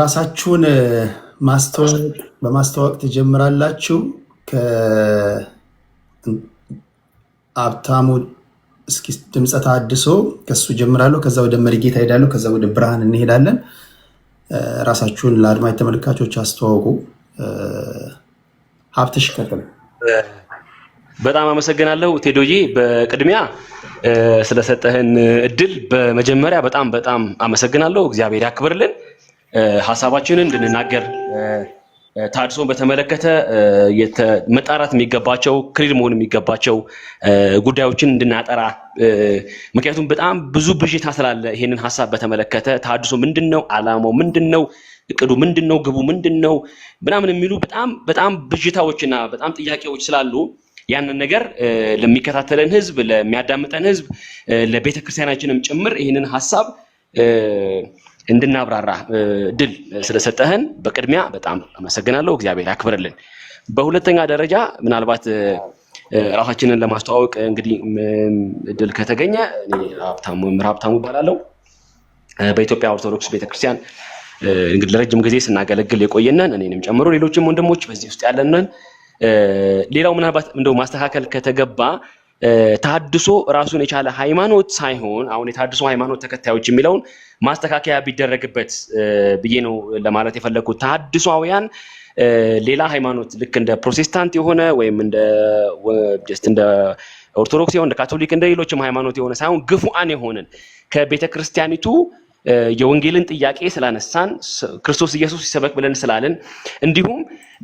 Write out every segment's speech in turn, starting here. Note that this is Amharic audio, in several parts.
ራሳችሁን ማስተዋወቅ በማስተዋወቅ ትጀምራላችሁ። አብታሙ እስኪ ድምፀ ታድሶ ከሱ ጀምራለሁ። ከዛ ወደ መሪጌታ ሄዳለሁ። ከዛ ወደ ብርሃን እንሄዳለን። ራሳችሁን ለአድማጭ ተመልካቾች አስተዋውቁ። ሀብትሽ ቀጥል። በጣም አመሰግናለሁ ቴዶዬ። በቅድሚያ ስለሰጠህን እድል በመጀመሪያ በጣም በጣም አመሰግናለሁ። እግዚአብሔር ያክብርልን። ሀሳባችንን እንድንናገር ታድሶን በተመለከተ መጣራት የሚገባቸው ክሊር መሆን የሚገባቸው ጉዳዮችን እንድናጠራ፣ ምክንያቱም በጣም ብዙ ብዥታ ስላለ ይሄንን ሀሳብ በተመለከተ ታድሶ ምንድን ነው አላማው ምንድን ነው እቅዱ ምንድን ነው ግቡ ምንድን ነው ምናምን የሚሉ በጣም በጣም ብዥታዎችና በጣም ጥያቄዎች ስላሉ ያንን ነገር ለሚከታተለን ህዝብ፣ ለሚያዳምጠን ህዝብ፣ ለቤተክርስቲያናችንም ጭምር ይህንን ሀሳብ እንድናብራራ ድል ስለሰጠህን በቅድሚያ በጣም አመሰግናለሁ። እግዚአብሔር ያክብርልን። በሁለተኛ ደረጃ ምናልባት ራሳችንን ለማስተዋወቅ እንግዲህ ድል ከተገኘ መምህር ሀብታሙ እባላለሁ። በኢትዮጵያ ኦርቶዶክስ ቤተክርስቲያን እንግዲህ ለረጅም ጊዜ ስናገለግል የቆየነን እኔንም ጨምሮ ሌሎችም ወንድሞች በዚህ ውስጥ ያለንን ሌላው ምናልባት እንደው ማስተካከል ከተገባ ታድሶ ራሱን የቻለ ሃይማኖት ሳይሆን አሁን የታድሶ ሃይማኖት ተከታዮች የሚለውን ማስተካከያ ቢደረግበት ብዬ ነው ለማለት የፈለግኩት። ታድሷውያን ሌላ ሃይማኖት ልክ እንደ ፕሮቴስታንት የሆነ ወይም እንደ ኦርቶዶክስ የሆነ እንደ ካቶሊክ፣ እንደ ሌሎችም ሃይማኖት የሆነ ሳይሆን ግፉአን የሆንን ከቤተ ክርስቲያኒቱ የወንጌልን ጥያቄ ስላነሳን ክርስቶስ ኢየሱስ ይሰበክ ብለን ስላለን እንዲሁም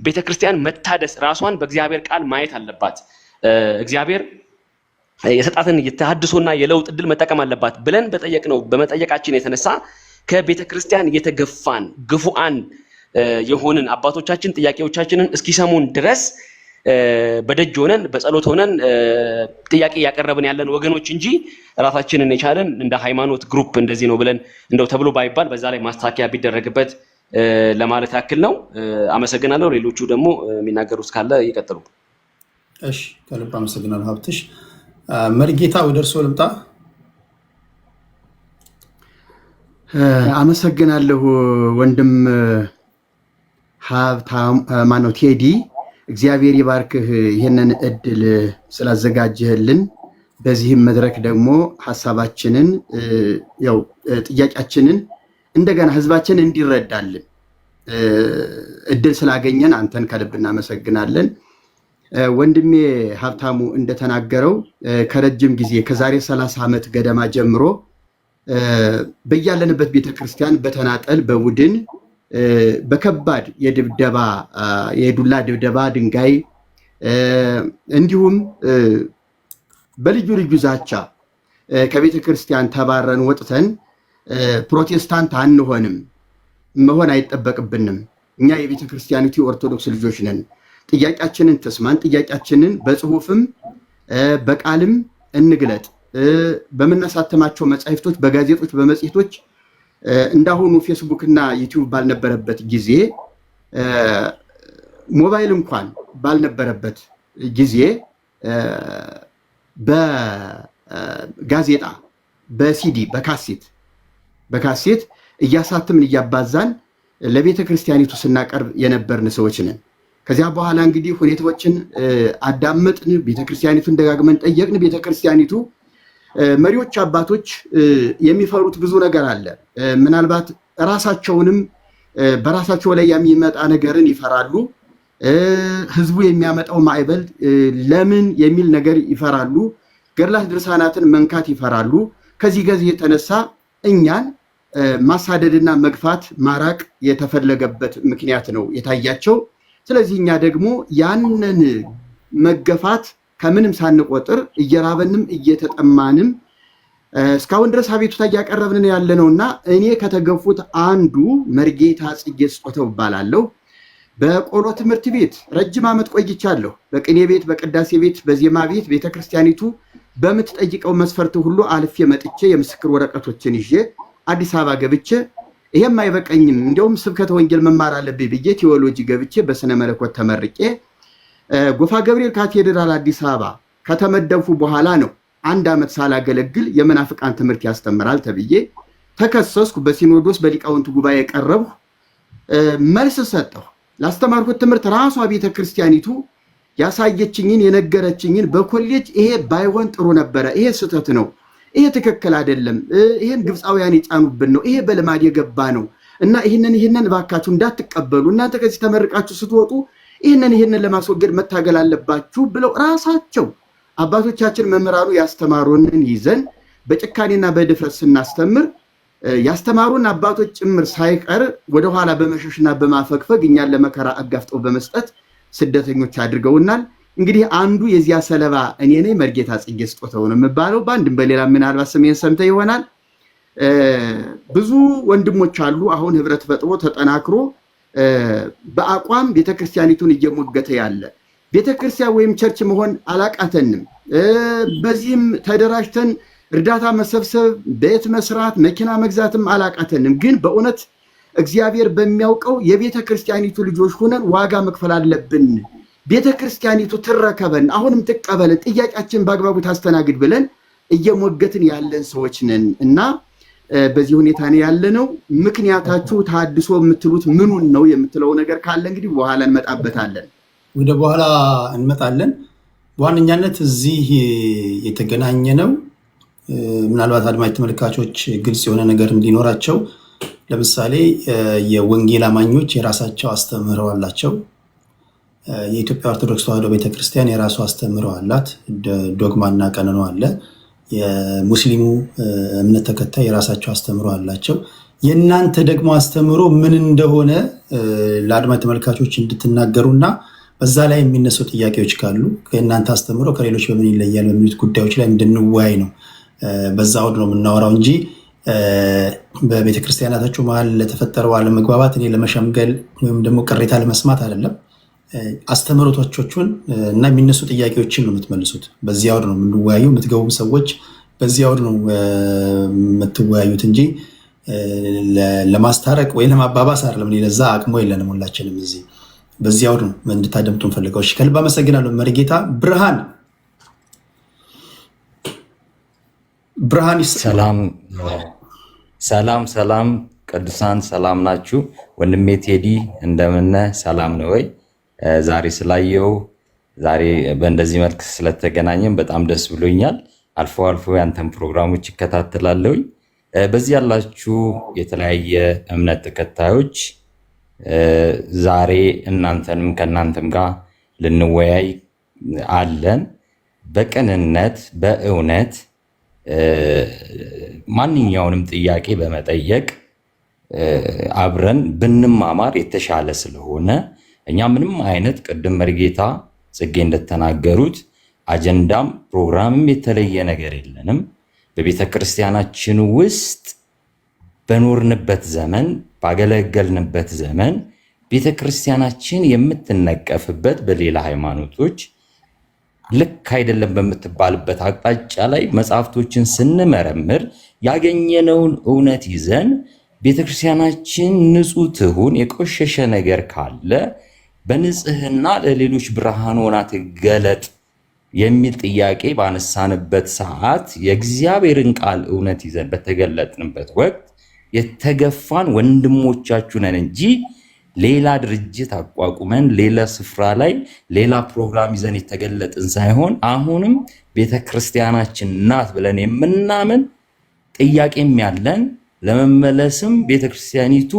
ቤተ ክርስቲያን መታደስ ራሷን በእግዚአብሔር ቃል ማየት አለባት እግዚአብሔር የሰጣትን የተሃድሶና የለውጥ እድል መጠቀም አለባት ብለን በጠየቅነው በመጠየቃችን የተነሳ ከቤተ ክርስቲያን የተገፋን ግፉአን የሆንን አባቶቻችን ጥያቄዎቻችንን እስኪሰሙን ድረስ በደጅ ሆነን በጸሎት ሆነን ጥያቄ እያቀረብን ያለን ወገኖች እንጂ ራሳችንን የቻለን እንደ ሃይማኖት ግሩፕ እንደዚህ ነው ብለን እንደው ተብሎ ባይባል በዛ ላይ ማስተካከያ ቢደረግበት ለማለት ያክል ነው። አመሰግናለሁ። ሌሎቹ ደግሞ የሚናገሩት ካለ ይቀጥሉ። እሺ፣ ከልብ አመሰግናለሁ ሀብትሽ። መርጌታ ወደ እርስዎ ልምጣ። አመሰግናለሁ ወንድም ሀብታም ማነው ቴዲ፣ እግዚአብሔር ይባርክህ ይህንን እድል ስላዘጋጀህልን። በዚህም መድረክ ደግሞ ሀሳባችንን ያው ጥያቄያችንን እንደገና ህዝባችን እንዲረዳልን እድል ስላገኘን አንተን ከልብ እናመሰግናለን። ወንድሜ ሀብታሙ እንደተናገረው ከረጅም ጊዜ ከዛሬ ሰላሳ ዓመት ገደማ ጀምሮ በያለንበት ቤተክርስቲያን በተናጠል በቡድን በከባድ የድብደባ የዱላ ድብደባ ድንጋይ እንዲሁም በልዩ ልዩ ዛቻ ከቤተ ክርስቲያን ተባረን ወጥተን ፕሮቴስታንት አንሆንም መሆን አይጠበቅብንም፣ እኛ የቤተ ክርስቲያኒቱ ኦርቶዶክስ ልጆች ነን ጥያቄያችንን ትስማን፣ ጥያቄያችንን በጽሁፍም በቃልም እንግለጥ። በምናሳተማቸው መጽሐፍቶች፣ በጋዜጦች፣ በመጽሔቶች እንዳሁኑ ፌስቡክ እና ዩቲዩብ ባልነበረበት ጊዜ ሞባይል እንኳን ባልነበረበት ጊዜ በጋዜጣ በሲዲ በካሴት በካሴት እያሳትምን እያባዛን ለቤተ ክርስቲያኒቱ ስናቀርብ የነበርን ሰዎች ነን። ከዚያ በኋላ እንግዲህ ሁኔታዎችን አዳመጥን። ቤተክርስቲያኒቱን ደጋግመን ጠየቅን። ቤተክርስቲያኒቱ መሪዎች አባቶች የሚፈሩት ብዙ ነገር አለ። ምናልባት ራሳቸውንም በራሳቸው ላይ የሚመጣ ነገርን ይፈራሉ። ህዝቡ የሚያመጣው ማዕበል ለምን የሚል ነገር ይፈራሉ። ገድላት ድርሳናትን መንካት ይፈራሉ። ከዚህ ገዚህ የተነሳ እኛን ማሳደድና መግፋት ማራቅ የተፈለገበት ምክንያት ነው የታያቸው። ስለዚህ እኛ ደግሞ ያንን መገፋት ከምንም ሳንቆጥር እየራበንም እየተጠማንም እስካሁን ድረስ አቤቱታ እያቀረብንን ያለ ነው እና እኔ ከተገፉት አንዱ መርጌታ ጽጌ ስጦተው እባላለሁ። በቆሎ ትምህርት ቤት ረጅም ዓመት ቆይቻለሁ። በቅኔ ቤት፣ በቅዳሴ ቤት፣ በዜማ ቤት ቤተክርስቲያኒቱ በምትጠይቀው መስፈርት ሁሉ አልፌ መጥቼ የምስክር ወረቀቶችን ይዤ አዲስ አበባ ገብቼ ይሄም አይበቀኝም፣ እንዲያውም ስብከተ ወንጌል መማር አለብኝ ብዬ ቴዎሎጂ ገብቼ በስነ መለኮት ተመርቄ ጎፋ ገብርኤል ካቴድራል አዲስ አበባ ከተመደፉ በኋላ ነው አንድ ዓመት ሳላገለግል የመናፍቃን ትምህርት ያስተምራል ተብዬ ተከሰስኩ። በሲኖዶስ በሊቃውንት ጉባኤ ቀረብሁ፣ መልስ ሰጠሁ። ላስተማርኩት ትምህርት ራሷ ቤተክርስቲያኒቱ ያሳየችኝን የነገረችኝን በኮሌጅ ይሄ ባይሆን ጥሩ ነበረ፣ ይሄ ስህተት ነው ይሄ ትክክል አይደለም፣ ይሄን ግብፃውያን የጫኑብን ነው፣ ይሄ በልማድ የገባ ነው እና ይህንን ይህንን እባካችሁ እንዳትቀበሉ እናንተ ከዚህ ተመርቃችሁ ስትወጡ ይህንን ይህንን ለማስወገድ መታገል አለባችሁ ብለው ራሳቸው አባቶቻችን መምህራኑ ያስተማሩንን ይዘን በጭካኔና በድፍረት ስናስተምር ያስተማሩን አባቶች ጭምር ሳይቀር ወደኋላ በመሸሽና በማፈግፈግ እኛን ለመከራ አጋፍጠው በመስጠት ስደተኞች አድርገውናል። እንግዲህ አንዱ የዚያ ሰለባ እኔ ነኝ። መርጌታ ጽጌ ስጦተው ነው የምባለው። በአንድም በሌላ ምናልባት ስሜን ሰምተ ይሆናል። ብዙ ወንድሞች አሉ። አሁን ህብረት ፈጥሮ ተጠናክሮ በአቋም ቤተክርስቲያኒቱን እየሞገተ ያለ ቤተክርስቲያን ወይም ቸርች መሆን አላቃተንም። በዚህም ተደራጅተን እርዳታ መሰብሰብ፣ ቤት መስራት፣ መኪና መግዛትም አላቃተንም። ግን በእውነት እግዚአብሔር በሚያውቀው የቤተክርስቲያኒቱ ልጆች ሆነን ዋጋ መክፈል አለብን። ቤተ ክርስቲያኒቱ ትረከበን፣ አሁንም ትቀበለን፣ ጥያቄያችን በአግባቡ ታስተናግድ ብለን እየሞገትን ያለን ሰዎች ነን እና በዚህ ሁኔታ ነው ነው። ምክንያታችሁ ታድሶ የምትሉት ምኑን ነው የምትለው ነገር ካለ እንግዲህ በኋላ እንመጣበታለን። ወደ በኋላ እንመጣለን። በዋነኛነት እዚህ የተገናኘ ነው ምናልባት አድማጭ ተመልካቾች ግልጽ የሆነ ነገር እንዲኖራቸው ለምሳሌ የወንጌል አማኞች የራሳቸው አስተምህረው አላቸው። የኢትዮጵያ ኦርቶዶክስ ተዋሕዶ ቤተክርስቲያን የራሱ አስተምሮ አላት፣ ዶግማና ቀኖና አለ። የሙስሊሙ እምነት ተከታይ የራሳቸው አስተምሮ አላቸው። የእናንተ ደግሞ አስተምሮ ምን እንደሆነ ለአድማጭ ተመልካቾች እንድትናገሩና በዛ ላይ የሚነሱ ጥያቄዎች ካሉ የእናንተ አስተምሮ ከሌሎች በምን ይለያል በሚሉት ጉዳዮች ላይ እንድንወያይ ነው። በዛ አውድ ነው የምናወራው እንጂ በቤተክርስቲያናታችሁ መሀል ለተፈጠረው አለመግባባት እኔ ለመሸምገል ወይም ደግሞ ቅሬታ ለመስማት አይደለም። አስተምህሮቶቻችሁን እና የሚነሱ ጥያቄዎችን ነው የምትመልሱት። በዚህ አውድ ነው የምንወያዩ። የምትገቡ ሰዎች በዚህ አውድ ነው የምትወያዩት እንጂ ለማስታረቅ ወይ ለማባባስ አይደለም። ለዛ አቅሞ የለንም ሁላችንም እዚህ በዚህ አውድ ነው እንድታደምጡ ፈልገው። እሺ፣ ከልብ አመሰግናለሁ። መሪጌታ ብርሃን ብርሃን ሰላም ሰላም ሰላም፣ ቅዱሳን ሰላም ናችሁ? ወንድሜ ቴዲ እንደምነ ሰላም ነው ወይ? ዛሬ ስላየው ዛሬ በእንደዚህ መልክ ስለተገናኘን በጣም ደስ ብሎኛል። አልፎ አልፎ ያንተን ፕሮግራሞች ይከታተላለሁኝ። በዚህ ያላችሁ የተለያየ እምነት ተከታዮች ዛሬ እናንተንም ከእናንተም ጋር ልንወያይ አለን። በቅንነት በእውነት ማንኛውንም ጥያቄ በመጠየቅ አብረን ብንማማር የተሻለ ስለሆነ እኛ ምንም አይነት ቅድም መርጌታ ጽጌ እንደተናገሩት አጀንዳም ፕሮግራምም የተለየ ነገር የለንም። በቤተ ክርስቲያናችን ውስጥ በኖርንበት ዘመን ባገለገልንበት ዘመን ቤተ ክርስቲያናችን የምትነቀፍበት በሌላ ሃይማኖቶች ልክ አይደለም በምትባልበት አቅጣጫ ላይ መጽሐፍቶችን ስንመረምር ያገኘነውን እውነት ይዘን ቤተክርስቲያናችን ንጹህ ትሁን። የቆሸሸ ነገር ካለ በንጽህና ለሌሎች ብርሃን ሆና ትገለጥ የሚል ጥያቄ ባነሳንበት ሰዓት የእግዚአብሔርን ቃል እውነት ይዘን በተገለጥንበት ወቅት የተገፋን ወንድሞቻችሁ ነን እንጂ ሌላ ድርጅት አቋቁመን ሌላ ስፍራ ላይ ሌላ ፕሮግራም ይዘን የተገለጥን ሳይሆን አሁንም ቤተ ክርስቲያናችን ናት ብለን የምናምን ጥያቄም ያለን ለመመለስም ቤተክርስቲያኒቱ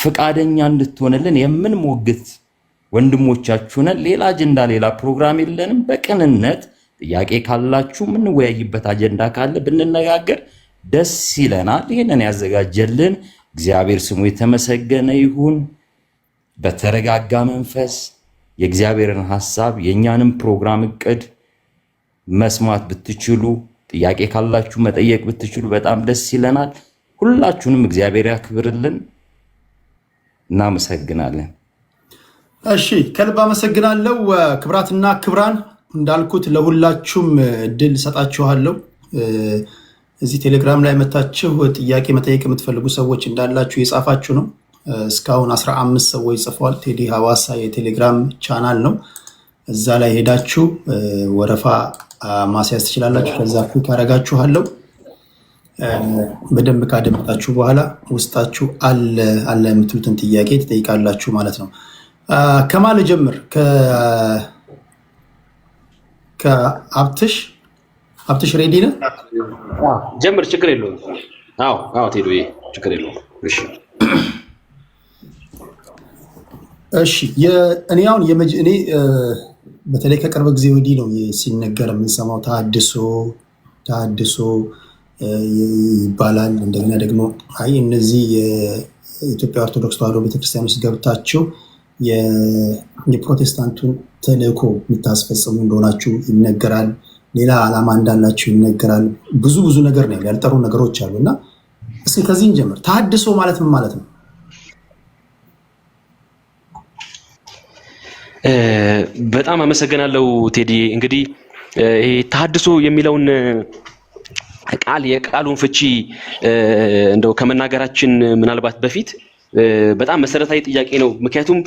ፍቃደኛ እንድትሆንልን የምንሞግት ወንድሞቻችሁ ነን። ሌላ አጀንዳ፣ ሌላ ፕሮግራም የለንም። በቅንነት ጥያቄ ካላችሁ የምንወያይበት አጀንዳ ካለ ብንነጋገር ደስ ይለናል። ይህንን ያዘጋጀልን እግዚአብሔር ስሙ የተመሰገነ ይሁን። በተረጋጋ መንፈስ የእግዚአብሔርን ሐሳብ የእኛንም ፕሮግራም እቅድ መስማት ብትችሉ ጥያቄ ካላችሁ መጠየቅ ብትችሉ በጣም ደስ ይለናል። ሁላችሁንም እግዚአብሔር ያክብርልን። እናመሰግናለን። እሺ ከልብ አመሰግናለሁ። ክብራትና ክብራን እንዳልኩት ለሁላችሁም እድል ሰጣችኋለሁ። እዚህ ቴሌግራም ላይ መታችሁ ጥያቄ መጠየቅ የምትፈልጉ ሰዎች እንዳላችሁ የጻፋችሁ ነው። እስካሁን 15 ሰዎች ጽፏል። ቴዲ ሀዋሳ የቴሌግራም ቻናል ነው። እዛ ላይ ሄዳችሁ ወረፋ ማስያዝ ትችላላችሁ። ከዛ ኩክ በደንብ ካደመጣችሁ በኋላ ውስጣችሁ አለ አለ የምትሉትን ጥያቄ ትጠይቃላችሁ ማለት ነው። ከማለ ጀምር ከአብትሽ አብትሽ ሬዲ ነ ጀምር፣ ችግር የለውም። አዎ አዎ፣ ቴዶ ችግር የለውም። እሺ እሺ እኔ አሁን እኔ በተለይ ከቅርብ ጊዜ ወዲህ ነው ሲነገር የምንሰማው ታድሶ ታድሶ ይባላል። እንደገና ደግሞ አይ እነዚህ የኢትዮጵያ ኦርቶዶክስ ተዋሕዶ ቤተክርስቲያን ውስጥ ገብታችሁ የፕሮቴስታንቱን ተልእኮ የምታስፈጽሙ እንደሆናችሁ ይነገራል። ሌላ ዓላማ እንዳላችሁ ይነገራል። ብዙ ብዙ ነገር ነው ያልጠሩ ነገሮች አሉ እና እስኪ ከዚህም ጀምር። ተሐድሶ ማለት ምን ማለት ነው? በጣም አመሰግናለሁ ቴዲ። እንግዲህ ይሄ ተሐድሶ የሚለውን ቃል የቃሉን ፍቺ እንደው ከመናገራችን ምናልባት በፊት በጣም መሰረታዊ ጥያቄ ነው። ምክንያቱም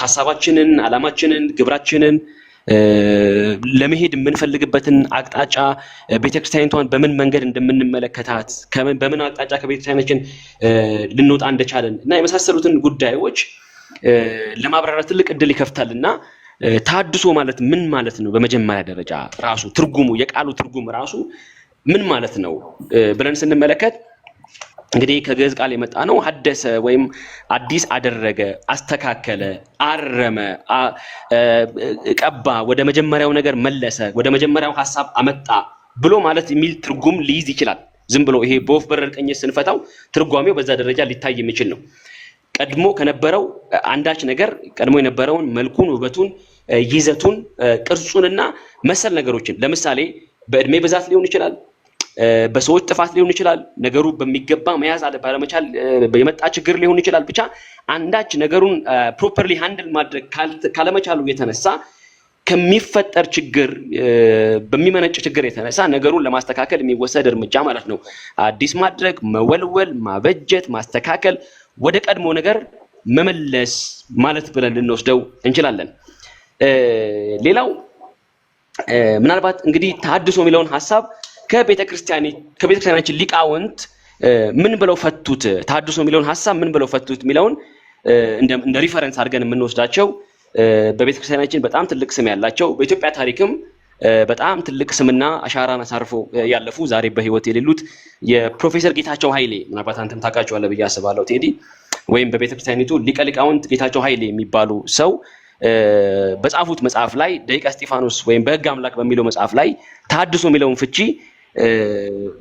ሀሳባችንን፣ አላማችንን፣ ግብራችንን ለመሄድ የምንፈልግበትን አቅጣጫ ቤተክርስቲያኒቷን በምን መንገድ እንደምንመለከታት በምን አቅጣጫ ከቤተክርስቲያናችን ልንወጣ እንደቻለን እና የመሳሰሉትን ጉዳዮች ለማብራራት ትልቅ እድል ይከፍታል እና ታድሶ ማለት ምን ማለት ነው? በመጀመሪያ ደረጃ ራሱ ትርጉሙ የቃሉ ትርጉም ራሱ ምን ማለት ነው ብለን ስንመለከት እንግዲህ ከግዕዝ ቃል የመጣ ነው። አደሰ ወይም አዲስ አደረገ፣ አስተካከለ፣ አረመ፣ ቀባ፣ ወደ መጀመሪያው ነገር መለሰ፣ ወደ መጀመሪያው ሀሳብ አመጣ ብሎ ማለት የሚል ትርጉም ሊይዝ ይችላል። ዝም ብሎ ይሄ በወፍ በረር ቅኝት ስንፈታው ትርጓሜው በዛ ደረጃ ሊታይ የሚችል ነው። ቀድሞ ከነበረው አንዳች ነገር ቀድሞ የነበረውን መልኩን፣ ውበቱን፣ ይዘቱን፣ ቅርጹንና መሰል ነገሮችን ለምሳሌ በእድሜ ብዛት ሊሆን ይችላል በሰዎች ጥፋት ሊሆን ይችላል። ነገሩ በሚገባ መያዝ አለ ባለመቻል የመጣ ችግር ሊሆን ይችላል። ብቻ አንዳች ነገሩን ፕሮፐርሊ ሃንድል ማድረግ ካለመቻሉ የተነሳ ከሚፈጠር ችግር በሚመነጭ ችግር የተነሳ ነገሩን ለማስተካከል የሚወሰድ እርምጃ ማለት ነው። አዲስ ማድረግ፣ መወልወል፣ ማበጀት፣ ማስተካከል፣ ወደ ቀድሞ ነገር መመለስ ማለት ብለን ልንወስደው እንችላለን። ሌላው ምናልባት እንግዲህ ተሐድሶ የሚለውን ሀሳብ ከቤተክርስቲያናችን ሊቃውንት ምን ብለው ፈቱት፣ ታድሶ የሚለውን ሀሳብ ምን ብለው ፈቱት የሚለውን እንደ ሪፈረንስ አድርገን የምንወስዳቸው በቤተክርስቲያናችን በጣም ትልቅ ስም ያላቸው በኢትዮጵያ ታሪክም በጣም ትልቅ ስምና አሻራን አሳርፎ ያለፉ ዛሬ በህይወት የሌሉት የፕሮፌሰር ጌታቸው ኃይሌ ምናልባት አንተም ታውቃቸዋለህ ብዬ አስባለሁ ቴዲ። ወይም በቤተክርስቲያኒቱ ሊቀ ሊቃውንት ጌታቸው ኃይሌ የሚባሉ ሰው በጻፉት መጽሐፍ ላይ ደቂቀ እስጢፋኖስ ወይም በህግ አምላክ በሚለው መጽሐፍ ላይ ታድሶ የሚለውን ፍቺ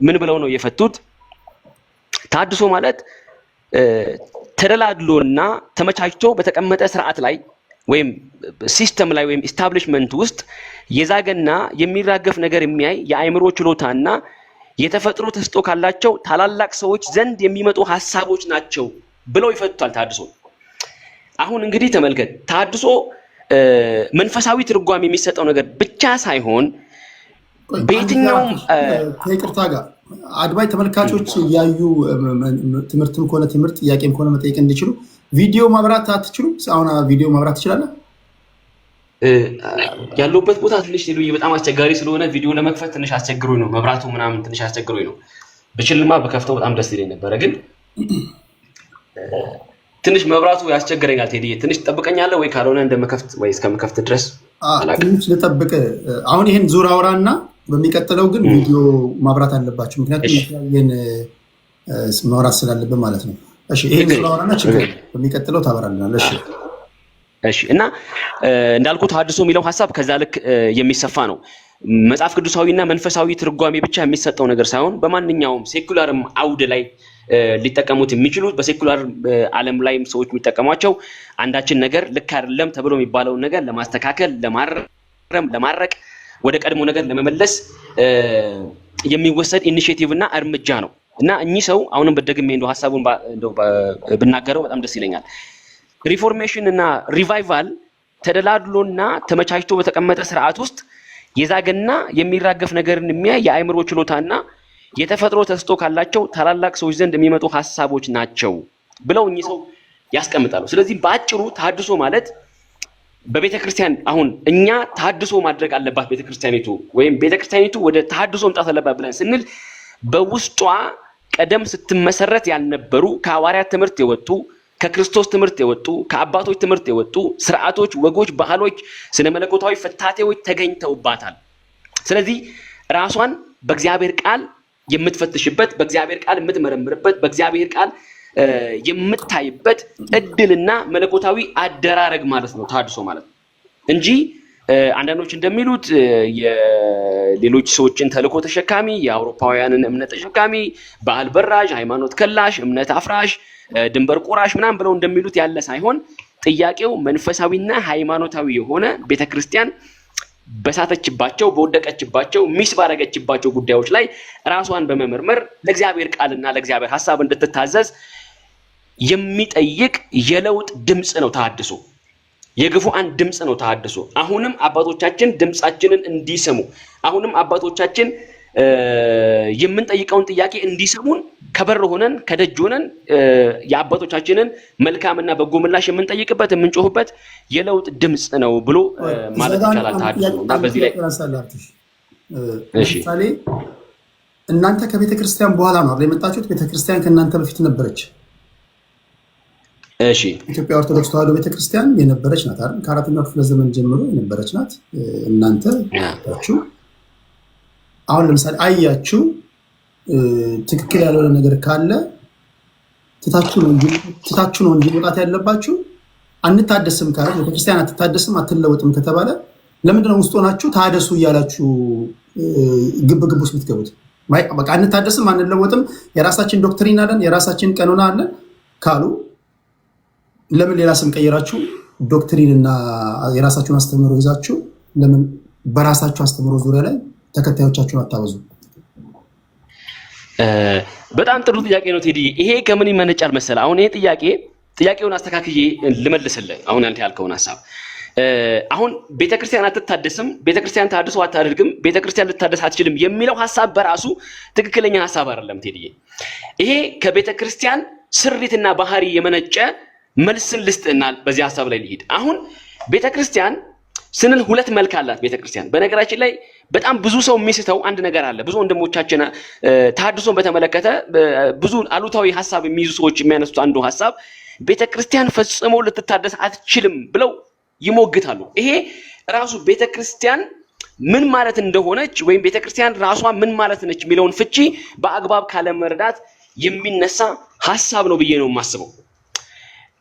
ምን ብለው ነው የፈቱት? ታድሶ ማለት ተደላድሎና ተመቻችቶ በተቀመጠ ስርዓት ላይ ወይም ሲስተም ላይ ወይም ኢስታብሊሽመንት ውስጥ የዛገና የሚራገፍ ነገር የሚያይ የአእምሮ ችሎታና የተፈጥሮ ተስጦ ካላቸው ታላላቅ ሰዎች ዘንድ የሚመጡ ሀሳቦች ናቸው ብለው ይፈቱታል። ታድሶ አሁን እንግዲህ ተመልከት። ታድሶ መንፈሳዊ ትርጓሜ የሚሰጠው ነገር ብቻ ሳይሆን በየትኛውም ከይቅርታ ጋር አድባይ ተመልካቾች እያዩ ትምህርትም ከሆነ ትምህርት ጥያቄም ከሆነ መጠየቅ እንዲችሉ ቪዲዮ ማብራት አትችሉም? አሁን ቪዲዮ ማብራት ትችላለህ? ያለሁበት ቦታ ትንሽ ሌሎዬ በጣም አስቸጋሪ ስለሆነ ቪዲዮ ለመክፈት ትንሽ አስቸግሮኝ ነው። መብራቱ ምናምን ትንሽ አስቸግሮኝ ነው። ብችልማ በከፍተው በጣም ደስ ይለኝ ነበረ፣ ግን ትንሽ መብራቱ ያስቸግረኛል። ቴዲዬ ትንሽ ትጠብቀኛለህ ወይ? ካልሆነ እንደመከፍት ወይ እስከመከፍት ድረስ ትንሽ ልጠብቅ። አሁን ይህን ዙር አውራ እና በሚቀጥለው ግን ቪዲዮ ማብራት አለባቸው። ምክንያቱም የተለያየን ማውራት ስላለብን ማለት ነው። እሺ፣ ይህን ስለሆነና ችግር በሚቀጥለው ታበራልናል። እሺ እሺ። እና እንዳልኩት ሐዲሱ የሚለው ሀሳብ ከዛ ልክ የሚሰፋ ነው። መጽሐፍ ቅዱሳዊና መንፈሳዊ ትርጓሜ ብቻ የሚሰጠው ነገር ሳይሆን በማንኛውም ሴኩላርም አውድ ላይ ሊጠቀሙት የሚችሉ በሴኩላር ዓለም ላይም ሰዎች የሚጠቀሟቸው አንዳችን ነገር ልክ አይደለም ተብሎ የሚባለውን ነገር ለማስተካከል፣ ለማረም፣ ለማረቅ ወደ ቀድሞ ነገር ለመመለስ የሚወሰድ ኢኒሽቲቭ እና እርምጃ ነው እና እኚህ ሰው አሁንም በደግሜ እንደው ሀሳቡን ብናገረው በጣም ደስ ይለኛል። ሪፎርሜሽን እና ሪቫይቫል ተደላድሎና ተመቻችቶ በተቀመጠ ስርዓት ውስጥ የዛገና የሚራገፍ ነገርን የሚያይ የአእምሮ ችሎታና የተፈጥሮ ተስጦ ካላቸው ታላላቅ ሰዎች ዘንድ የሚመጡ ሀሳቦች ናቸው ብለው እኚህ ሰው ያስቀምጣሉ። ስለዚህ በአጭሩ ታድሶ ማለት በቤተ ክርስቲያን አሁን እኛ ታድሶ ማድረግ አለባት ቤተ ክርስቲያኒቱ ወይም ቤተ ክርስቲያኒቱ ወደ ተሐድሶ መምጣት አለባት ብለን ስንል በውስጧ ቀደም ስትመሰረት ያልነበሩ ከሐዋርያ ትምህርት የወጡ ከክርስቶስ ትምህርት የወጡ ከአባቶች ትምህርት የወጡ ስርዓቶች፣ ወጎች፣ ባህሎች፣ ስነ መለኮታዊ ፍታቴዎች ተገኝተውባታል። ስለዚህ ራሷን በእግዚአብሔር ቃል የምትፈትሽበት፣ በእግዚአብሔር ቃል የምትመረምርበት፣ በእግዚአብሔር ቃል የምታይበት እድልና መለኮታዊ አደራረግ ማለት ነው ታድሶ ማለት ነው እንጂ አንዳንዶች እንደሚሉት የሌሎች ሰዎችን ተልእኮ ተሸካሚ፣ የአውሮፓውያንን እምነት ተሸካሚ፣ በዓል በራሽ፣ ሃይማኖት ከላሽ፣ እምነት አፍራሽ፣ ድንበር ቁራሽ ምናምን ብለው እንደሚሉት ያለ ሳይሆን ጥያቄው መንፈሳዊና ሃይማኖታዊ የሆነ ቤተክርስቲያን በሳተችባቸው በወደቀችባቸው ሚስ ባረገችባቸው ጉዳዮች ላይ ራሷን በመመርመር ለእግዚአብሔር ቃልና ለእግዚአብሔር ሀሳብ እንድትታዘዝ የሚጠይቅ የለውጥ ድምፅ ነው ተሐድሶ። የግፉአን ድምፅ ነው ተሐድሶ። አሁንም አባቶቻችን ድምፃችንን እንዲሰሙ፣ አሁንም አባቶቻችን የምንጠይቀውን ጥያቄ እንዲሰሙን ከበር ሆነን ከደጅ ሆነን የአባቶቻችንን መልካምና በጎ ምላሽ የምንጠይቅበት የምንጮህበት የለውጥ ድምፅ ነው ብሎ ማለት ይቻላል ተሐድሶ በዚህ ላይ ለምሳሌ እናንተ ከቤተክርስቲያን በኋላ ነው የመጣችሁት። ቤተክርስቲያን ከእናንተ በፊት ነበረች። እሺ ኢትዮጵያ ኦርቶዶክስ ተዋሕዶ ቤተክርስቲያን የነበረች ናት አይደል? ከአራተኛው ክፍለ ዘመን ጀምሮ የነበረች ናት። እናንተ አሁን ለምሳሌ አያችሁ ትክክል ያልሆነ ነገር ካለ ትታችሁ ነው እንጂ መውጣት ያለባችሁ። አንታደስም ካለ ቤተክርስቲያን አትታደስም አትለወጥም ከተባለ ለምንድነው ውስጥ ሆናችሁ ታደሱ እያላችሁ ግብ ግብ ውስጥ ምትገቡት? በቃ አንታደስም አንለወጥም፣ የራሳችን ዶክትሪን አለን፣ የራሳችን ቀኖና አለን ካሉ ለምን ሌላ ስም ቀይራችሁ ዶክትሪን እና የራሳችሁን አስተምህሮ ይዛችሁ ለምን በራሳችሁ አስተምህሮ ዙሪያ ላይ ተከታዮቻችሁን አታበዙ? በጣም ጥሩ ጥያቄ ነው ቴዲ። ይሄ ከምን ይመነጫል መሰለ? አሁን ይሄ ጥያቄ ጥያቄውን አስተካክዬ ልመልስልህ። አሁን አንተ ያልከውን ሀሳብ አሁን ቤተክርስቲያን አትታደስም፣ ቤተክርስቲያን ታድሶ አታደርግም፣ ቤተክርስቲያን ልታደስ አትችልም የሚለው ሀሳብ በራሱ ትክክለኛ ሀሳብ አይደለም ቴዲዬ። ይሄ ከቤተክርስቲያን ስሪትና ባህሪ የመነጨ መልስን ልስጥና በዚህ ሀሳብ ላይ ሊሄድ አሁን ቤተክርስቲያን ስንል ሁለት መልክ አላት ቤተክርስቲያን በነገራችን ላይ በጣም ብዙ ሰው የሚስተው አንድ ነገር አለ። ብዙ ወንድሞቻችን ተሐድሶን በተመለከተ ብዙ አሉታዊ ሀሳብ የሚይዙ ሰዎች የሚያነሱት አንዱ ሀሳብ ቤተክርስቲያን ፈጽሞ ልትታደስ አትችልም ብለው ይሞግታሉ። ይሄ ራሱ ቤተክርስቲያን ምን ማለት እንደሆነች ወይም ቤተክርስቲያን ራሷ ምን ማለት ነች የሚለውን ፍቺ በአግባብ ካለመረዳት የሚነሳ ሀሳብ ነው ብዬ ነው የማስበው።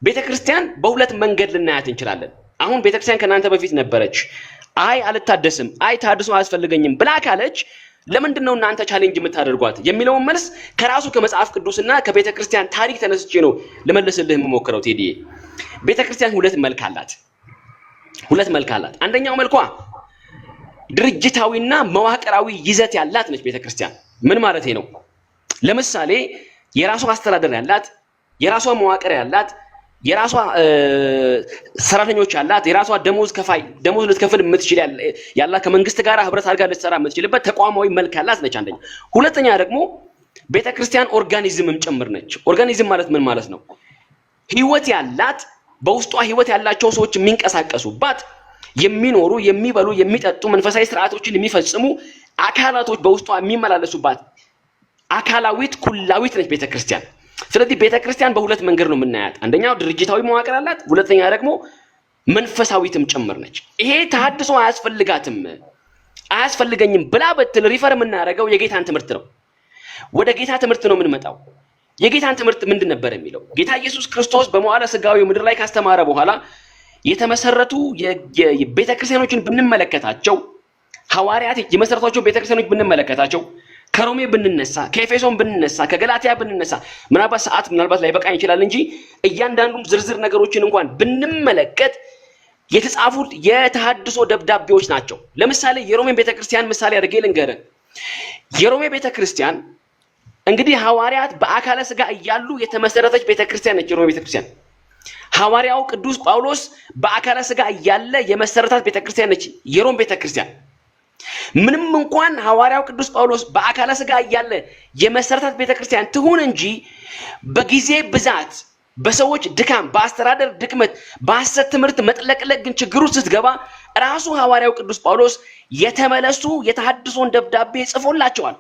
ቤተ ክርስቲያን በሁለት መንገድ ልናያት እንችላለን። አሁን ቤተ ክርስቲያን ከእናንተ በፊት ነበረች። አይ አልታደስም፣ አይ ታድሶ አያስፈልገኝም ብላ ካለች ለምንድን ነው እናንተ ቻሌንጅ የምታደርጓት የሚለውን መልስ ከራሱ ከመጽሐፍ ቅዱስና ከቤተ ክርስቲያን ታሪክ ተነስቼ ነው ልመልስልህ የምሞክረው። ቴዲ ቤተ ክርስቲያን ሁለት መልክ አላት። ሁለት መልክ አላት። አንደኛው መልኳ ድርጅታዊና መዋቅራዊ ይዘት ያላት ነች። ቤተ ክርስቲያን ምን ማለት ነው? ለምሳሌ የራሷ አስተዳደር ያላት፣ የራሷ መዋቅር ያላት የራሷ ሰራተኞች አላት፣ የራሷ ደሞዝ ከፋይ ደሞዝ ልትከፍል የምትችል ያላት ከመንግስት ጋር ህብረት አድርጋ ልትሰራ የምትችልበት ተቋማዊ መልክ ያላት ነች። አንደኛ። ሁለተኛ ደግሞ ቤተ ክርስቲያን ኦርጋኒዝምም ጭምር ነች። ኦርጋኒዝም ማለት ምን ማለት ነው? ህይወት ያላት በውስጧ ህይወት ያላቸው ሰዎች የሚንቀሳቀሱባት የሚኖሩ፣ የሚበሉ፣ የሚጠጡ መንፈሳዊ ስርዓቶችን የሚፈጽሙ አካላቶች በውስጧ የሚመላለሱባት አካላዊት ኩላዊት ነች ቤተክርስቲያን። ስለዚህ ቤተ ክርስቲያን በሁለት መንገድ ነው የምናያት። አንደኛው ድርጅታዊ መዋቅር አላት፣ ሁለተኛ ደግሞ መንፈሳዊትም ጭምር ነች። ይሄ ተሐድሶ አያስፈልጋትም አያስፈልገኝም ብላ ብትል ሪፈር የምናደርገው የጌታን ትምህርት ነው። ወደ ጌታ ትምህርት ነው የምንመጣው። የጌታን ትምህርት ምንድን ነበር የሚለው? ጌታ ኢየሱስ ክርስቶስ በመዋዕለ ስጋዊ ምድር ላይ ካስተማረ በኋላ የተመሰረቱ ቤተክርስቲያኖችን ብንመለከታቸው ሐዋርያት የመሰረቷቸው ቤተክርስቲያኖች ብንመለከታቸው ከሮሜ ብንነሳ ከኤፌሶን ብንነሳ ከገላትያ ብንነሳ ምናልባት ሰዓት ምናልባት ላይበቃኝ ይችላል እንጂ እያንዳንዱም ዝርዝር ነገሮችን እንኳን ብንመለከት የተጻፉት የተሃድሶ ደብዳቤዎች ናቸው። ለምሳሌ የሮሜን ቤተክርስቲያን ምሳሌ አድርጌ ልንገረ የሮሜ ቤተክርስቲያን እንግዲህ ሐዋርያት በአካለ ስጋ እያሉ የተመሰረተች ቤተክርስቲያን ነች። የሮሜ ቤተክርስቲያን ሐዋርያው ቅዱስ ጳውሎስ በአካለ ስጋ እያለ የመሰረታት ቤተክርስቲያን ነች የሮም ቤተክርስቲያን ምንም እንኳን ሐዋርያው ቅዱስ ጳውሎስ በአካለ ስጋ እያለ የመሰረታት ቤተ ክርስቲያን ትሁን እንጂ በጊዜ ብዛት በሰዎች ድካም፣ በአስተዳደር ድክመት፣ በሐሰት ትምህርት መጥለቅለቅ ግን ችግሩ ስትገባ ራሱ ሐዋርያው ቅዱስ ጳውሎስ የተመለሱ የተሐድሶን ደብዳቤ ጽፎላቸዋል።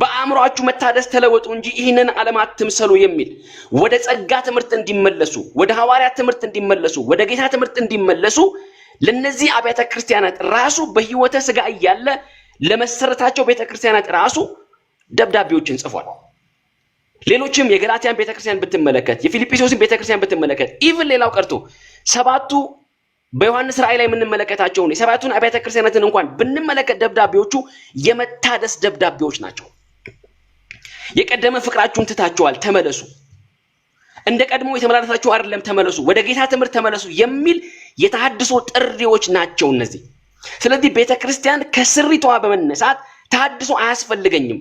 በአእምሯችሁ መታደስ ተለወጡ እንጂ ይህንን ዓለም አትምሰሉ የሚል ወደ ጸጋ ትምህርት እንዲመለሱ፣ ወደ ሐዋርያ ትምህርት እንዲመለሱ፣ ወደ ጌታ ትምህርት እንዲመለሱ ለነዚህ አብያተ ክርስቲያናት ራሱ በህይወተ ስጋ እያለ ለመሰረታቸው ቤተ ክርስቲያናት ራሱ ደብዳቤዎችን ጽፏል። ሌሎችም የገላትያን ቤተክርስቲያን ብትመለከት፣ የፊልጵስዩስን ክርስቲያን ብትመለከት፣ ኢቭን ሌላው ቀርቶ ሰባቱ በዮሐንስ ራእይ ላይ የምንመለከታቸውን የሰባቱን አብያተ ክርስቲያናትን እንኳን ብንመለከት ደብዳቤዎቹ የመታደስ ደብዳቤዎች ናቸው። የቀደመ ፍቅራችሁን ትታችኋል፣ ተመለሱ እንደ ቀድሞ የተመላለሳችሁ አይደለም፣ ተመለሱ፣ ወደ ጌታ ትምህርት ተመለሱ የሚል የተሃድሶ ጥሪዎች ናቸው እነዚህ። ስለዚህ ቤተ ክርስቲያን ከስሪቷ በመነሳት ተሃድሶ አያስፈልገኝም፣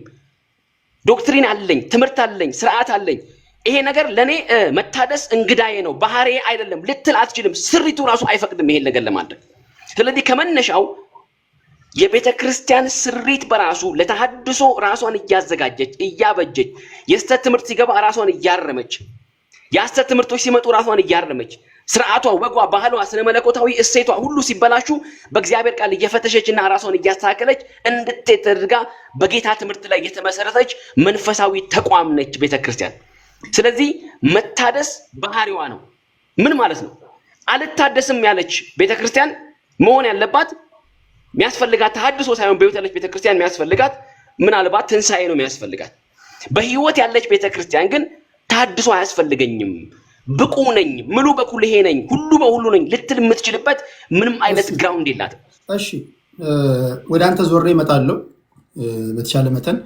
ዶክትሪን አለኝ፣ ትምህርት አለኝ፣ ስርዓት አለኝ፣ ይሄ ነገር ለእኔ መታደስ እንግዳዬ ነው፣ ባህሬ አይደለም ልትል አትችልም። ስሪቱ ራሱ አይፈቅድም ይሄን ነገር ለማድረግ። ስለዚህ ከመነሻው የቤተ ክርስቲያን ስሪት በራሱ ለተሃድሶ ራሷን እያዘጋጀች እያበጀች የስተት ትምህርት ሲገባ ራሷን እያረመች የሐሰት ትምህርቶች ሲመጡ ራሷን እያረመች ስርዓቷ፣ ወጓ፣ ባህሏ፣ ስነ መለኮታዊ እሴቷ ሁሉ ሲበላሹ በእግዚአብሔር ቃል እየፈተሸችና ራሷን እያስተካከለች እንድትሄድ ተደርጋ በጌታ ትምህርት ላይ የተመሰረተች መንፈሳዊ ተቋም ነች ቤተክርስቲያን። ስለዚህ መታደስ ባህሪዋ ነው። ምን ማለት ነው? አልታደስም ያለች ቤተክርስቲያን መሆን ያለባት የሚያስፈልጋት ተሐድሶ ሳይሆን በህይወት ያለች ቤተክርስቲያን የሚያስፈልጋት ምናልባት ትንሣኤ ነው የሚያስፈልጋት። በህይወት ያለች ቤተክርስቲያን ግን ታድሶ አያስፈልገኝም፣ ብቁ ነኝ፣ ምሉ ይሄ ነኝ፣ ሁሉ በሁሉ ነኝ ልትል የምትችልበት ምንም አይነት ግራውንድ የላትም። እሺ ወደ አንተ ዞሬ እመጣለሁ። በተቻለ መጠን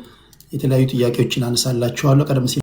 የተለያዩ ጥያቄዎችን አነሳላችኋለሁ ቀደም